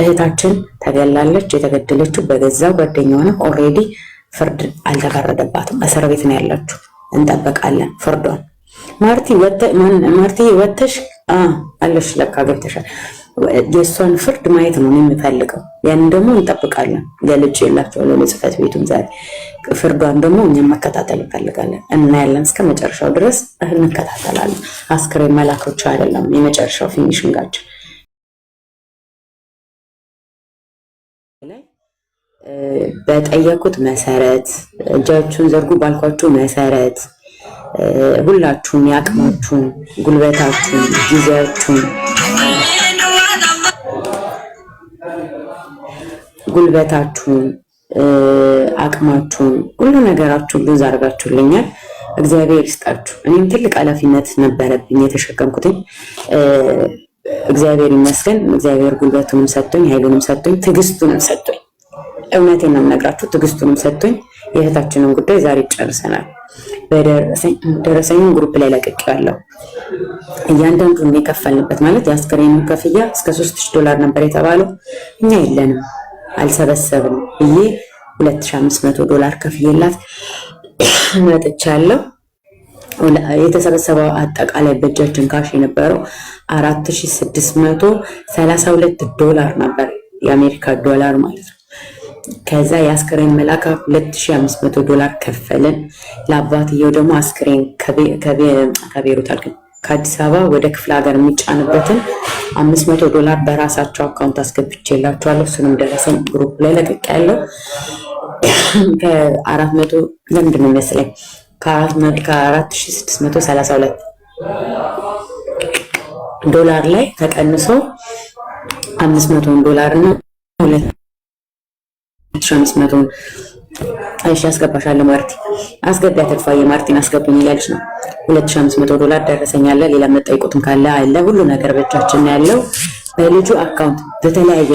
እህታችን ተገላለች። የተገደለችው በገዛ ጓደኛዋ ነው። ኦልሬዲ ፍርድ አልተፈረደባትም። እስር ቤት ነው ያለችው። እንጠበቃለን ፍርዷን። ማርቲ ማርቲ ወተሽ አለሽ፣ ለካ ገብተሻል። የእሷን ፍርድ ማየት ነው የምፈልገው። ያን ደግሞ እንጠብቃለን። ገልጭ የላቸው ለጽህፈት ቤቱም ዛሬ ፍርዷን ደግሞ እኛ መከታተል እንፈልጋለን። እናያለን። እስከ መጨረሻው ድረስ እንከታተላለን። አስክሬን መላኮች አይደለም የመጨረሻው ፊኒሽንጋችን ላይ በጠየቁት መሰረት እጃችሁን ዘርጉ ባልኳችሁ መሰረት ሁላችሁም ያቅማችሁን፣ ጉልበታችሁን፣ ጊዜያችሁን ጉልበታችሁን፣ አቅማችሁን፣ ሁሉ ነገራችሁን ብዙ አድርጋችሁልኛል። እግዚአብሔር ይስጣችሁ። እኔም ትልቅ ኃላፊነት ነበረብኝ የተሸከምኩትኝ እግዚአብሔር ይመስገን። እግዚአብሔር ጉልበቱንም ሰጥቶኝ፣ ኃይሉንም ሰጥቶኝ፣ ትዕግስቱንም ሰጥቶኝ እውነቴን ነው የምነግራችሁ። ትዕግስቱንም ሰጥቶኝ የእህታችንን ጉዳይ ዛሬ ጨርሰናል። በደረሰኝን ግሩፕ ላይ ለቅቄዋለሁ። እያንዳንዱ የከፈልንበት ማለት የአስክሬኑ ክፍያ እስከ ሶስት ሺህ ዶላር ነበር የተባለው። እኛ የለንም አልሰበሰብም ብዬ ሁለት ሺህ አምስት መቶ ዶላር ከፍዬላት መጥቻለሁ። የተሰበሰበው አጠቃላይ በእጃችን ካሽ የነበረው 4632 ዶላር ነበር፣ የአሜሪካ ዶላር ማለት ነው። ከዛ የአስክሬን መላካ 2500 ዶላር ከፈልን። ለአባትየው ደግሞ አስክሬን ከቤሩት አልክ ከአዲስ አበባ ወደ ክፍለ ሀገር የሚጫንበትን 500 ዶላር በራሳቸው አካውንት አስገብቼላቸዋለሁ። እሱንም ደረሰኝ ግሩፕ ላይ ለቀቅ ያለው ከአራት መቶ ለምንድን ነው ይመስለኝ ከ4632 ዶላር ላይ ተቀንሶ 500 ዶላር እና 2500 እሺ አስገባሻለሁ። ማርቲ አስገቢ፣ አተርፋዬ ማርቲን አስገቡኝ እያለች ነው። 2500 ዶላር ደረሰኛለ ሌላ መጠይቁትም ካለ አለ። ሁሉ ነገር በእጃችን ያለው በልጁ አካውንት በተለያየ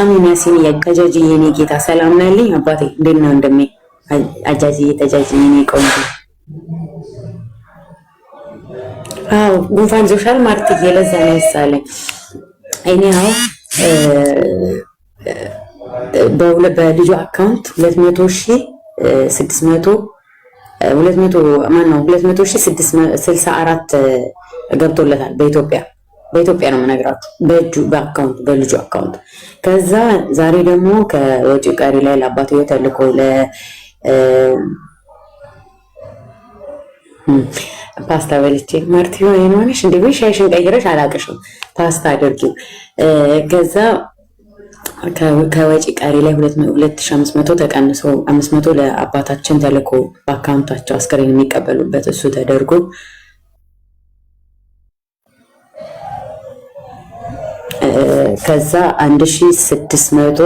አሚን ያሲን የቀጃጅ የኔ ጌታ ሰላም ናለኝ አባቴ እንዴት ነው እንደሚል አጃጅዬ ተጃጅዬ እኔ ቆንጆ አዎ ጉንፋን ዞሻል ማርትዬ ለዛ ነው ያሳለኝ። እኔ በሁለ በልጁ አካውንት 200 ሺህ ስድስት መቶ ሁለት መቶ ማነው ሺህ ገብቶለታል በኢትዮጵያ በኢትዮጵያ ነው የምነግራችሁ በእጁ በአካውንት በልጁ አካውንት ከዛ ዛሬ ደግሞ ከወጪ ቀሪ ላይ ለአባቱ ለ ፓስታ በልቼ ማርቲ ሆነሽ እንዲ ሻይሽን ቀይረሽ አላቅሽም ፓስታ አድርጊ። ከዛ ከወጪ ቀሪ ላይ ሁለት ሺህ አምስት መቶ ተቀንሶ አምስት መቶ ለአባታችን ተልኮ በአካውንታቸው አስክሬን የሚቀበሉበት እሱ ተደርጎ ከዛ አንድ ሺህ ስድስት መቶ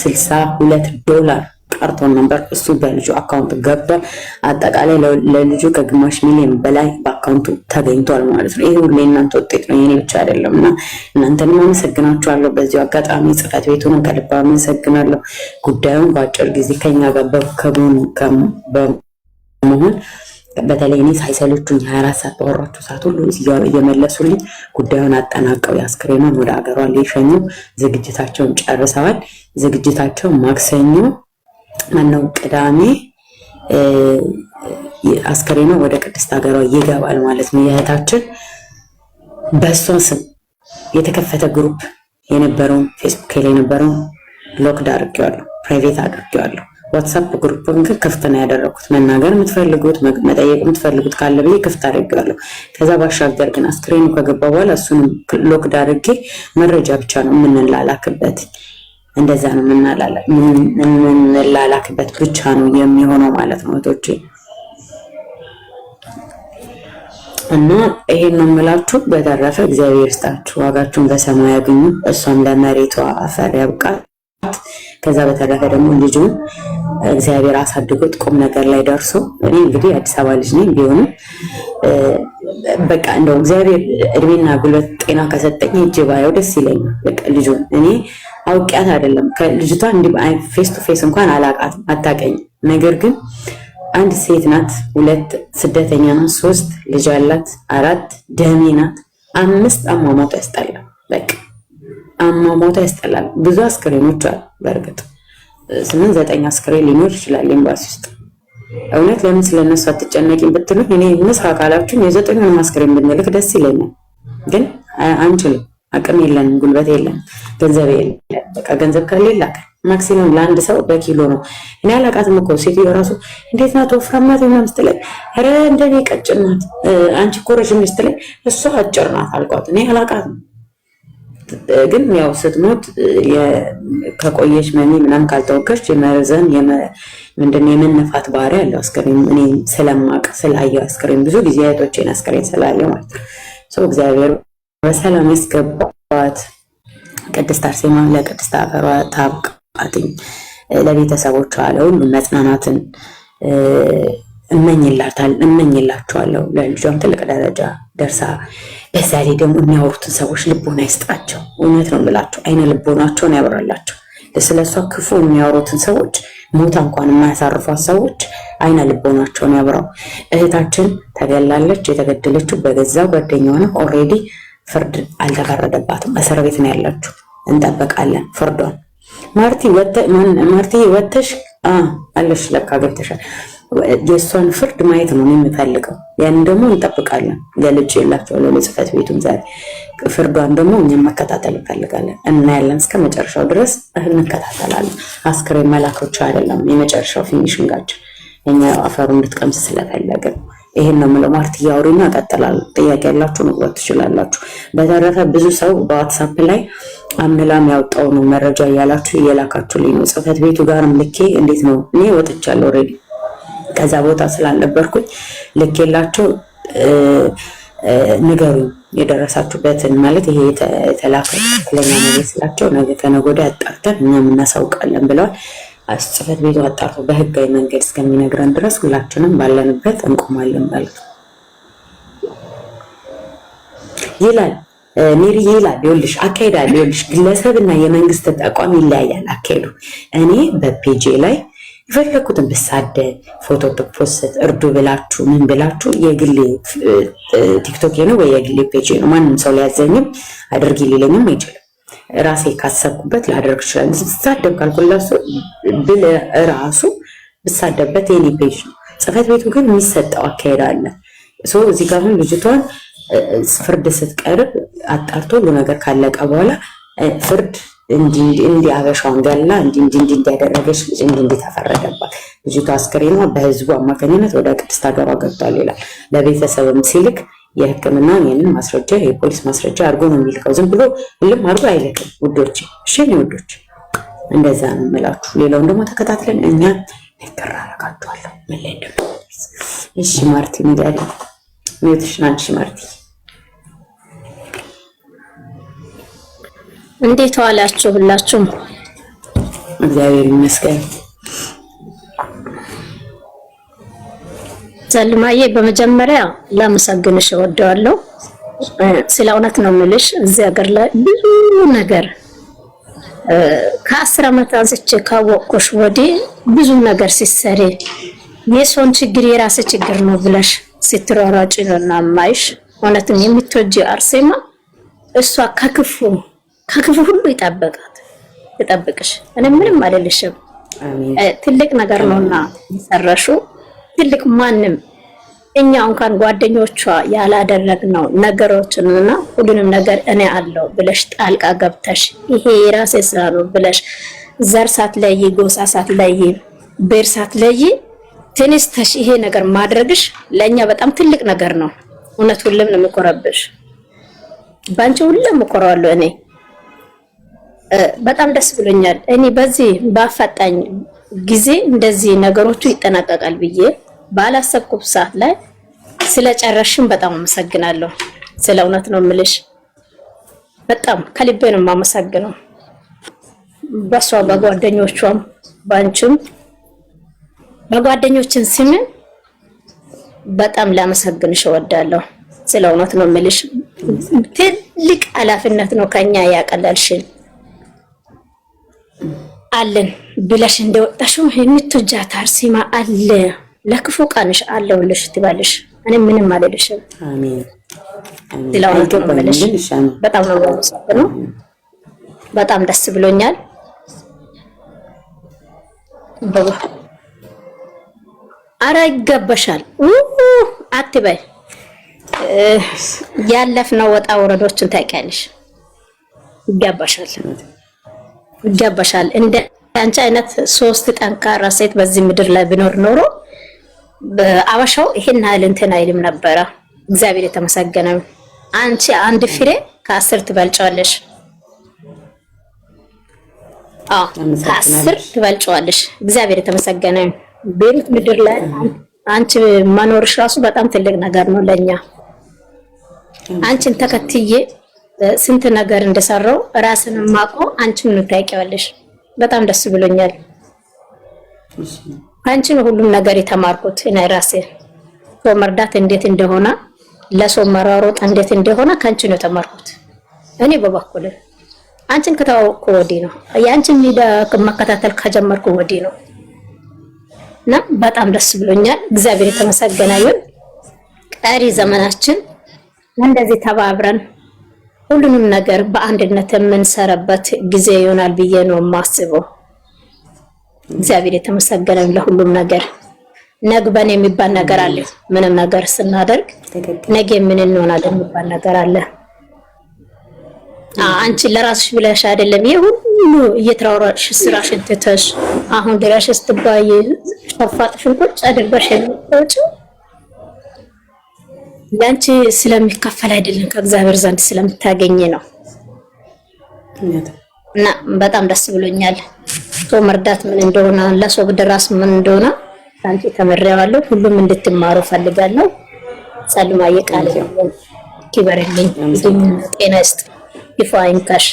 ስልሳ ሁለት ዶላር ቀርቶን ነበር። እሱ በልጁ አካውንት ገብቷል። አጠቃላይ ለልጁ ከግማሽ ሚሊዮን በላይ በአካውንቱ ተገኝቷል ማለት ነው። ይህ ሁሉ የእናንተ ውጤት ነው፣ የኔ ብቻ አይደለም እና እናንተንም አመሰግናችኋለሁ። በዚሁ አጋጣሚ ጽሕፈት ቤቱን ከልብ አመሰግናለሁ። ጉዳዩን በአጭር ጊዜ ከኛ ጋር ከጎኑ በመሆን በተለይ እኔ ሳይሰለቹኝ ሀያ አራት ሰዓት ባወራችሁ ሰዓት ሁሉ እየመለሱልኝ ጉዳዩን አጠናቀው የአስክሬኗን ወደ ሀገሯ ሊሸኙ ዝግጅታቸውን ጨርሰዋል። ዝግጅታቸው ማክሰኞ ማነው ቅዳሜ አስከሬኗ ወደ ቅድስት ሀገሯ ይገባል ማለት ነው። የእህታችን በእሷ ስም የተከፈተ ግሩፕ የነበረውን ፌስቡክ ላይ የነበረውን ሎክድ አድርጌዋለሁ፣ ፕራይቬት አድርጌዋለሁ። ዋትሳፕ ግሩፕን ግን ክፍት ነው ያደረኩት። መናገር የምትፈልጉት መጠየቅ የምትፈልጉት ካለ ብዬ ክፍት አድርጌዋለሁ። ከዛ ባሻገር ግን አስክሬኑ ከገባ በኋላ እሱንም ሎክድ አድርጌ መረጃ ብቻ ነው የምንላላክበት። እንደዛ ነው የምንላላክበት ብቻ ነው የሚሆነው ማለት ነው እህቶቼ። እና ይሄን ነው የምላችሁ። በተረፈ እግዚአብሔር ስጣችሁ፣ ዋጋችሁን በሰማይ ያገኙ እሷም ለመሬቷ አፈር ያብቃት። ከዛ በተረፈ ደግሞ ልጁ እግዚአብሔር አሳድጎት ቁም ነገር ላይ ደርሶ እኔ እንግዲህ አዲስ አበባ ልጅ ነኝ ቢሆንም በቃ እንደው እግዚአብሔር እድሜና ጉልበት ጤና ከሰጠኝ እጅ ባየው ደስ ይለኛል። በቃ ልጁን እኔ አውቂያት አይደለም ከልጅቷ እንዲ ፌስ ቱ ፌስ እንኳን አላቃትም ነገር ግን አንድ ሴት ናት፣ ሁለት ስደተኛ ናት፣ ሶስት ልጅ አላት፣ አራት ደሜ ናት፣ አምስት አሟሟቷ ያስጠላል። በቃ አሟሟቷ ያስጠላል። ብዙ አስክሬኖች አሉ። በእርግጥ ስምንት ዘጠኝ አስክሬን ሊኖር ይችላል ኤምባሲ ውስጥ። እውነት ለምን ስለነሱ አትጨነቂም ብትሉ እኔ ምስ አካላችሁን የዘጠኙን አስክሬን ብንልክ ደስ ይለኛል፣ ግን አንችልም አቅም የለንም፣ ጉልበት የለን፣ ገንዘብ የለን። በቃ ገንዘብ ከሌለ ማክሲመም ለአንድ ሰው በኪሎ ነው። እኔ አላውቃትም እኮ ሴትዮ እራሱ እንዴት ናት ወፍራም ናት ምናምን ስትለኝ፣ ኧረ እንደኔ ቀጭን ናት አንቺ እኮ ረዥም ስትለኝ፣ እሷ አጭር ናት አልኳት። እኔ አላውቃትም ግን ያው ስትሞት ከቆየች መሚ ምናምን ካልተወገች የመረዘም ምንድን የመነፋት ባህሪ አለው አስከሬን። እኔ ስለማቅ ስላየው አስከሬን ብዙ ጊዜ አይቶቼን አስከሬን ስላየው ማለት ነው ሰው እግዚአብሔር በሰላም ያስገባት ቅድስት አርሴማ ለቅድስት አፈሯ ታብቃትኝ፣ ለቤተሰቦቿ ለሁሉም መጽናናትን እመኝላታል እመኝላቸዋለሁ። ለልጇም ትልቅ ደረጃ ደርሳ በዛ ላይ ደግሞ የሚያወሩትን ሰዎች ልቦና ይስጣቸው። እውነት ነው ምላቸው አይነ ልቦናቸውን ያብራላቸው። ስለሷ ክፉ የሚያወሩትን ሰዎች ሞታ እንኳን የማያሳርፏት ሰዎች አይነ ልቦናቸውን ያብራው። እህታችን ተገላለች። የተገደለችው በገዛ ጓደኛ ሆነ ኦልሬዲ ፍርድ አልተፈረደባትም። እስር ቤት ነው ያለችው። እንጠበቃለን ፍርዷን። ማርቲ ማርቲ ወተሽ አለሽ ለካ ገብተሻል። የእሷን ፍርድ ማየት ነው የምፈልገው። ያን ደግሞ እንጠብቃለን። ገልጭ የላቸው ለሎ ጽህፈት ቤቱም ዛሬ ፍርዷን ደግሞ እኛም መከታተል እንፈልጋለን። እናያለን እስከ መጨረሻው ድረስ እንከታተላለን። አስክሬን መላክ ብቻ አይደለም የመጨረሻው ፊኒሽንጋችን እኛ አፈሩ እንድትቀምስ ስለፈለግን ይሄን ነው የምለው። ማርት እያወሪና ቀጥላል። ጥያቄ ያላችሁ መግባት ትችላላችሁ። በተረፈ ብዙ ሰው በዋትሳፕ ላይ አምላም ያወጣው ነው መረጃ እያላችሁ እየላካችሁልኝ ነው። ጽህፈት ቤቱ ጋርም ልኬ እንዴት ነው እኔ ወጥቻለሁ። ኦልሬዲ ከዛ ቦታ ስላልነበርኩኝ ልኬላቸው ንገሩ የደረሳችሁበትን ማለት ይሄ የተላከ ትክክለኛ ነገር ስላቸው ነገ ከነገ ወዲያ አጣርተን እኛም እናሳውቃለን ብለዋል። ጽሕፈት ቤቱ አጣርቶ በህጋዊ መንገድ እስከሚነግረን ድረስ ሁላችንም ባለንበት እንቆማለን ማለት ይላል ሜሪ ይላል ይኸውልሽ፣ አካሄድ አለ። ይኸውልሽ ግለሰብ እና የመንግስት ተቋም ይለያያል አካሄዱ። እኔ በፔጄ ላይ የፈለኩትን ብሳደ ፎቶ ብፖስት እርዱ ብላችሁ ምን ብላችሁ የግሌ ቲክቶኬ ነው ወይ የግሌ ፔጄ ነው። ማንም ሰው ሊያዘኝም አድርጊ ሊለኝም አይችልም። ራሴ ካሰብኩበት ላደርግ ይችላል። ካልኩ ለሱ ብለ ራሱ ብሳደብበት የኔ ፔጅ ነው። ጽህፈት ቤቱ ግን የሚሰጠው አካሄድ አለ። እዚህ ጋር አሁን ልጅቷን ፍርድ ስትቀርብ አጣርቶ ሁሉ ነገር ካለቀ በኋላ ፍርድ እንዲህ አበሻውን ገላ እንዲ እንዲያደረገች ልጅ እንዲ እንዲህ ተፈረደባት። ልጅቷ አስክሬኗ በህዝቡ አማካኝነት ወደ ቅድስት ሀገሯ ገብቷል ይላል። ለቤተሰብም ሲልክ የህክምና ይህንን ማስረጃ የፖሊስ ማስረጃ አድርጎ ነው የሚልከው። ዝም ብሎ ልም አድርጎ አይልክም ውዶች። እሺ ውዶች፣ እንደዛ ነው የምላችሁ። ሌላውን ደግሞ ተከታትለን እኛ ይተራረጋችኋለሁ ምን ላይ እንደምንደርስ። እሺ ማርቲ ሚዳል ሚዩትሽን አንቺ ማርቲ እንዴት ዋላችሁ? ሁላችሁም እግዚአብሔር ይመስገን። ዘልማዬ በመጀመሪያ ላመሰግንሽ እወደዋለሁ። ስለ እውነት ነው የምልሽ። እዚህ ሀገር ላይ ብዙ ነገር ከአስር ዓመት አንስቼ ካወቅኩሽ ወዲህ ብዙ ነገር ሲሰሪ የሰውን ችግር የራሴ ችግር ነው ብለሽ ስትሯሯጭ ነውና ማይሽ እውነትም የምትወጂ አርሴማ እሷ ከክፉ ከክፉ ሁሉ ይጠበቃት ይጠብቅሽ። እኔ ምንም አይደለሽም። ትልቅ ነገር ነውና የሰራሽው ትልቅ ማንም እኛ እንኳን ጓደኞቿ ያላደረግነው ነገሮችንና ሁሉንም ነገር እኔ አለው ብለሽ ጣልቃ ገብተሽ ይሄ የራሴ ስራ ነው ብለሽ ዘር ሳትለይ፣ ጎሳ ሳትለይ፣ ብሔር ሳትለይ ተነስተሽ ይሄ ነገር ማድረግሽ ለእኛ በጣም ትልቅ ነገር ነው። እውነት ሁሉም ነው የሚኮረብሽ። በአንቺ ሁሉም እኮራዋለሁ እኔ በጣም ደስ ብሎኛል። እኔ በዚህ በአፋጣኝ ጊዜ እንደዚህ ነገሮቹ ይጠናቀቃል ብዬ ባላሰብኩት ሰዓት ላይ ስለጨረሽም በጣም አመሰግናለሁ። ስለ እውነት ነው የምልሽ፣ በጣም ከልቤ ነው የማመሰግነው። በእሷ በጓደኞቿም ባንቺም በጓደኞችን ስምን በጣም ላመሰግንሽ እወዳለሁ። ስለ እውነት ነው የምልሽ፣ ትልቅ ኃላፊነት ነው ከኛ ያቀለልሽን አለን ብለሽ እንደወጣሽው የምትወጃት አርሴማ አለ ለክፉ ቀንሽ አለሁልሽ ትባልሽ። እኔ ምንም አልልሽም። አሜን በጣም ነው ነው በጣም ደስ ብሎኛል። አረ ይገባሻል አትበይ። ያለፍነው ወጣ ወረዶችን ታውቂያለሽ። ይገባሻል ይገባሻል። እንደ አንቺ አይነት ሶስት ጠንካራ ሴት በዚህ ምድር ላይ ቢኖር ኖሮ አበሻው ይሄን ያህል እንትን አይልም ነበረ። እግዚአብሔር የተመሰገነ አንቺ አንድ ፍሬ ከአስር ትበልጫለሽ፣ ከአስር ትበልጫለሽ። እግዚአብሔር የተመሰገነ ቤሩት ምድር ላይ አንቺ መኖርሽ ራሱ በጣም ትልቅ ነገር ነው ለኛ። አንቺን ተከትዬ ስንት ነገር እንደሰራው ራስን ማቆ አንቺ ምን በጣም ደስ ብሎኛል። አንቺ ነው ሁሉም ነገር የተማርኩት እኔ ራሴ ሰው መርዳት እንዴት እንደሆነ ለሰው መራሮጥ እንዴት እንደሆነ ከአንቺ ነው የተማርኩት። እኔ በበኩል አንቺን ከተዋወቅኩ ወዲህ ነው የአንቺን ሚዲያ መከታተል ከጀመርኩ ወዲህ ነው እና በጣም ደስ ብሎኛል። እግዚአብሔር የተመሰገነ ይሁን። ቀሪ ዘመናችን እንደዚህ ተባብረን ሁሉንም ነገር በአንድነት የምንሰራበት ጊዜ ይሆናል ብዬ ነው የማስበው። እግዚአብሔር የተመሰገነ ለሁሉም ነገር። ነግበን የሚባል ነገር አለ። ምንም ነገር ስናደርግ ነገ ምን እንሆናለን የሚባል ነገር አለ። አንቺ ለራስሽ ብለሽ አይደለም ይሄ ሁሉ እየተራራሽ ስራሽ እንትተሽ አሁን ድረሽ ስትባይ ሸፋጥሽን ቁጭ አድርገሽ የምትወጪው ለአንቺ ስለሚከፈል አይደለም ከእግዚአብሔር ዘንድ ስለምታገኝ ነው። እና በጣም ደስ ብሎኛል። ሰው መርዳት ምን እንደሆነ ለሰው ብድራስ ምን እንደሆነ አንቺ ተመሪያዋለሁ። ሁሉም እንድትማሩ ፈልጋለሁ። ጸልማ የቃል ይበርልኝ፣ ጤና ይስጥ፣ ይፋ ይንካሽ።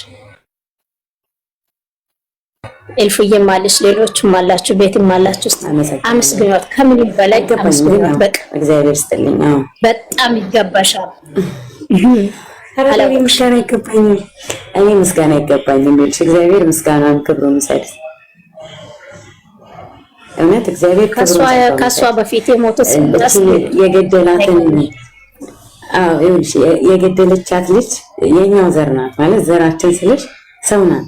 እልፍዬም አለች፣ ሌሎችም አላችሁ፣ ቤትም አላችሁ። አመስግኛት፣ ከምንም በላይ አመስግኛት። በቃ እግዚአብሔር ይስጥልኝ። በጣም ይገባሻል። ምስጋና ይገባኛል፣ እኔ ምስጋና ይገባኛል የሚልሽ እግዚአብሔር ምስጋናን ክብሩን ይውሰድ። እውነት እግዚአብሔር ከእሷ በፊት የሞተ የገደላትን የገደለቻት ልጅ የኛው ዘር ናት ማለት ዘራችን ስልሽ ሰው ናት።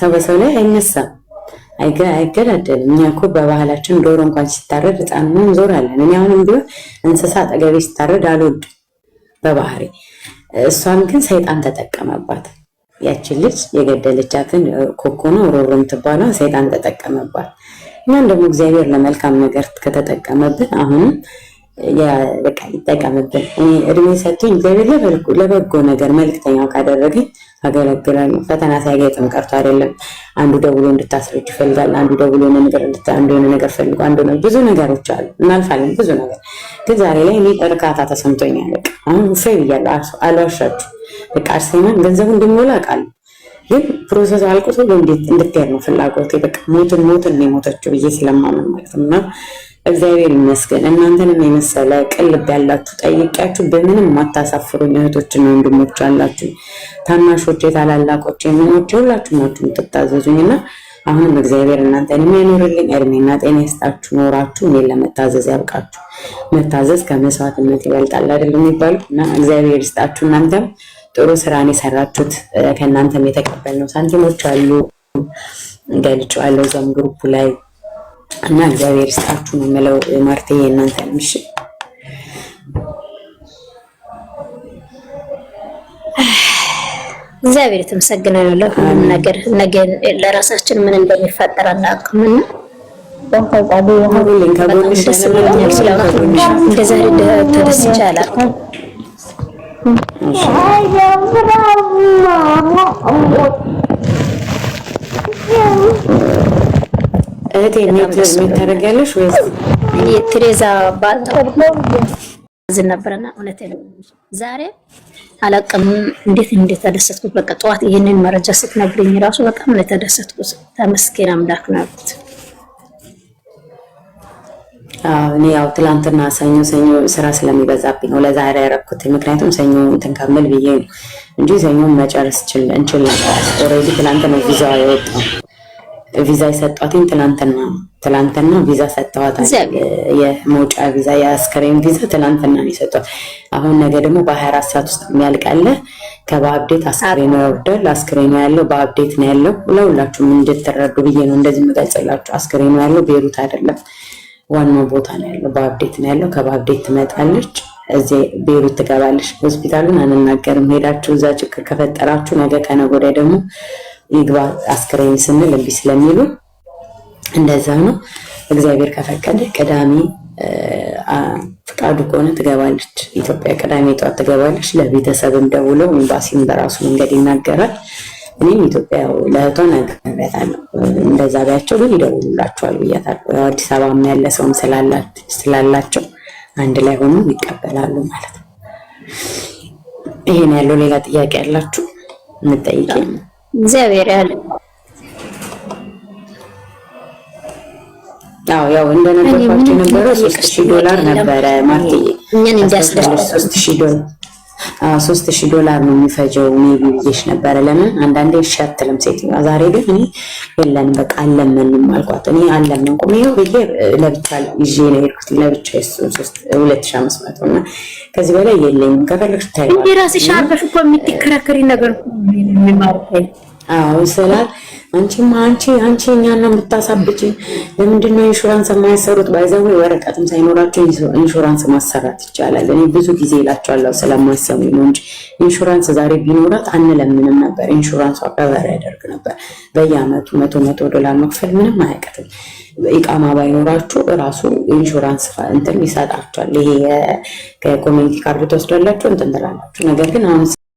ሰው በሰው ላይ አይነሳም፣ አይገዳደልም። እኛ እኮ በባህላችን ዶሮ እንኳን ሲታረድ ሕፃን ሆነን እንዞራለን። እኔ አሁንም ቢሆን እንስሳ አጠገቤ ሲታረድ አልወድም በባህሪ እሷን ግን ሰይጣን ተጠቀመባት። ያችን ልጅ የገደለቻትን ኮኮና ሮሮ የምትባለው ሰይጣን ተጠቀመባት። እኛም ደግሞ እግዚአብሔር ለመልካም ነገር ከተጠቀመብን አሁንም ይጠቀምብን። እኔ እድሜ ሰጥቶኝ እግዚአብሔር ለበጎ ነገር መልክተኛው ካደረገኝ አገለግለን ፈተና ሳይገጥም ቀርቶ አይደለም። አንዱ ደውሎ እንድታስረጅ ይፈልጋል። አንዱ ደውሎ የሆነ ነገር አንዱ የሆነ ነገር ፈልጎ አንዱ ነው። ብዙ ነገሮች አሉ፣ እናልፋለን ብዙ ነገር። ግን ዛሬ ላይ እኔ እርካታ ተሰምቶኛል። በቃ አሁን ፌ ብያለሁ፣ አልዋሻችሁ። በቃ አርሴማን ገንዘቡ እንደሚወላ ቃሉ ግን ፕሮሰስ አልቆ ሰው እንድትሄድ ነው ፍላጎት። በቃ ሞትን ሞትን ነው የሞተችው ብዬ ስለማምን ማለት ነው እና እግዚአብሔር ይመስገን። እናንተንም የመሰለ ቅልብ ያላችሁ ጠይቂያችሁ በምንም ማታሳፍሩኝ እህቶችና ወንድሞች አላችሁ። ታናሾች፣ የታላላቆች፣ የምኖች የሁላችሁ ናችሁ የምትታዘዙኝ እና አሁንም እግዚአብሔር እናንተን የሚያኖርልኝ እድሜና ጤና ይስጣችሁ፣ ኖራችሁ እኔ ለመታዘዝ ያብቃችሁ። መታዘዝ ከመስዋዕትነት ይበልጣል አይደል የሚባሉ እና እግዚአብሔር ይስጣችሁ። እናንተም ጥሩ ስራን የሰራችሁት ከእናንተም የተቀበልነው ሳንቲሞች አሉ ገልጫዋለው እዛም ግሩፕ ላይ እና እግዚአብሔር ይስጣችሁ ነው የምለው። ማርቴ እናንተ ምሽ እግዚአብሔር የተመሰገነ ነው ለሁሉም ነገር። ነገ ለራሳችን ምን እንደሚፈጠር አናውቅም እና ደስ ብሎኛል እህቴ ታደርጊያለሽ ወይ? ትሬዛ ባልጠብሎ ነበረና እውነት ዛሬ አላቅም እንዴት እንደተደሰትኩት። በቃ ጠዋት ይህንን መረጃ ስትነግረኝ ራሱ በጣም ነው የተደሰትኩት። ተመስገን አምላክ ነው ያልኩት። እኔ ያው ትላንትና ሰኞ ሰኞ ስራ ስለሚበዛብኝ ነው ለዛሬ ምክንያቱም ሰኞ እንትን ከምል ብዬ ነው እንጂ ሰኞ መጨረስ እንችል ነበር። ኦልሬዲ ትላንት ነው የወጣው ቪዛ የሰጧትኝ ትላንትና ትላንትና ቪዛ ሰጠዋት። የመውጫ ቪዛ የአስክሬን ቪዛ ትላንትና ነው የሰጧት። አሁን ነገ ደግሞ በሀያ አራት ሰዓት ውስጥ የሚያልቃለ ከበአብዴት አስክሬኑ ያወርዳል። አስክሬኑ ያለው በአብዴት ነው ያለው። ለሁላችሁም እንድትረዱ ብዬ ነው እንደዚህ የምገልጽላችሁ። አስክሬኑ ያለው ቤሩት አይደለም፣ ዋናው ቦታ ነው ያለው። በአብዴት ነው ያለው። ከበአብዴት ትመጣለች እዚህ ቤሩት ትገባለች። ሆስፒታሉን አንናገርም። ሄዳችሁ እዛ ችግር ከፈጠራችሁ ነገ ከነገ ወዲያ ደግሞ ይግባ አስክሬን ስንል እምቢ ስለሚሉ እንደዛ ነው። እግዚአብሔር ከፈቀደ ቅዳሜ ፍቃዱ ከሆነ ትገባለች ኢትዮጵያ። ቅዳሜ ጠዋት ትገባለች። ለቤተሰብም ደውሎ ኤምባሲም በራሱ መንገድ ይናገራል። እኔም ኢትዮጵያ ለእህቷ ነግሬያታለሁ። እንደዛ ቢያቸው ግን ይደውሉላቸዋል ብያታለሁ። አዲስ አበባም ያለ ሰውም ስላላቸው አንድ ላይ ሆኖ ይቀበላሉ ማለት ነው። ይሄን ያለው ሌላ ጥያቄ ያላችሁ የምጠይቅ እግዚአብሔር ያለ አዎ ያው እንደነበርኳቸው የነበረው ሶስት ሺህ ዶላር ነበረ ማርትዬ እኛን እንዲያስደርስ ሶስት ሺህ ዶላር ሶስት ሺህ ዶላር ነው የሚፈጀው ሜቢ ብዬሽ ነበረ። ለምን አንዳንዴ እሺ አትልም ሴትዮዋ። ዛሬ ግን እኔ የለንም በቃ አለመንም አልኳት። እኔ አለምን ቁም ይኸው ብዬ ለብቻ ይዤ ነው ሄድኩት። ለብቻ ሁለት ሺህ አምስት መቶ እና ከዚህ በላይ የለኝም። ከፈለግሽ ታይ እንዲህ ራስሽ አርፈሽ እኮ የምትከራከሪ ነገር የሚማርከኝ። አዎ ስላል አንቺማ አንቺ አንቺ እኛን ነው የምታሳብጪ። ለምንድን ነው ኢንሹራንስ የማይሰሩት? ባይዘው ወረቀትም ሳይኖራቸው ኢንሹራንስ ማሰራት ይቻላል። እኔ ብዙ ጊዜ እላቸዋለሁ ስለማሰሙ ነው እንጂ ኢንሹራንስ ዛሬ ቢኖራት አንለምንም ነበር። ኢንሹራንሷ ከበር ያደርግ ነበር። በየአመቱ መቶ መቶ ዶላር መክፈል ምንም አያውቅትም። ኢቃማ ባይኖራችሁ እራሱ ኢንሹራንስ እንትን ይሰጣቸዋል። ይሄ ከኮሚኒቲ ካርድ ትወስዳላችሁ እንትን ትላላችሁ። ነገር ግን አሁን